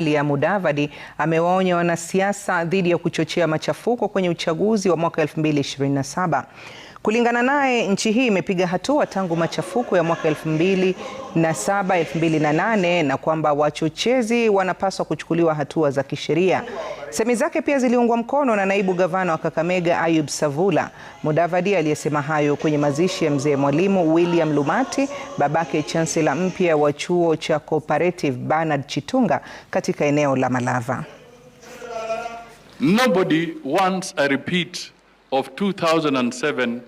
Musalia Mudavadi amewaonya wanasiasa dhidi ya kuchochea machafuko kwenye uchaguzi wa mwaka 2027. Kulingana naye, nchi hii imepiga hatua tangu machafuko ya mwaka 2007 2008, na kwamba wachochezi wanapaswa kuchukuliwa hatua za kisheria. Semi zake pia ziliungwa mkono na naibu gavana wa Kakamega Ayub Savula Mudavadi aliyesema hayo kwenye mazishi ya mzee Mwalimu William Lumati, babake chansela mpya wa chuo cha Cooperative Bernard Chitunga katika eneo la Malava. Nobody wants a repeat of 2007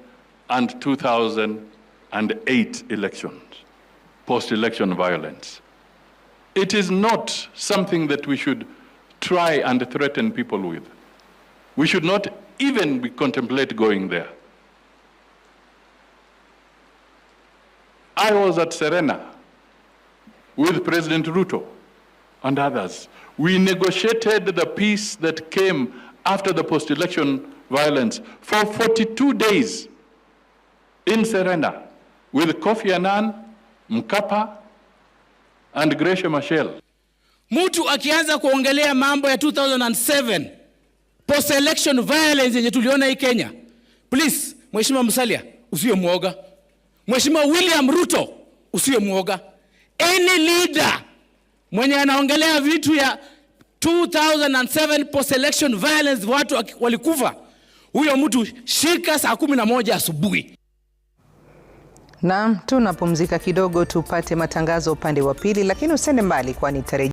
and 2008 elections, post-election violence. It is not something that we should try and threaten people with. We should not even be contemplate going there. I was at Serena with President Ruto and others. We negotiated the peace that came after the post election violence for 42 days in Serena with Kofi Annan, Mkapa, and Gracia Michelle. Mtu akianza kuongelea mambo ya 2007 post election violence yenye tuliona hii Kenya, please Mheshimiwa Musalia usiye mwoga. Mheshimiwa William Ruto usiye mwoga. Any leader mwenye anaongelea vitu ya 2007 post election violence, watu walikufa, huyo mtu shika saa kumi na moja asubuhi. Naam, tunapumzika kidogo tupate matangazo upande wa pili, lakini usende mbali kwani tarehe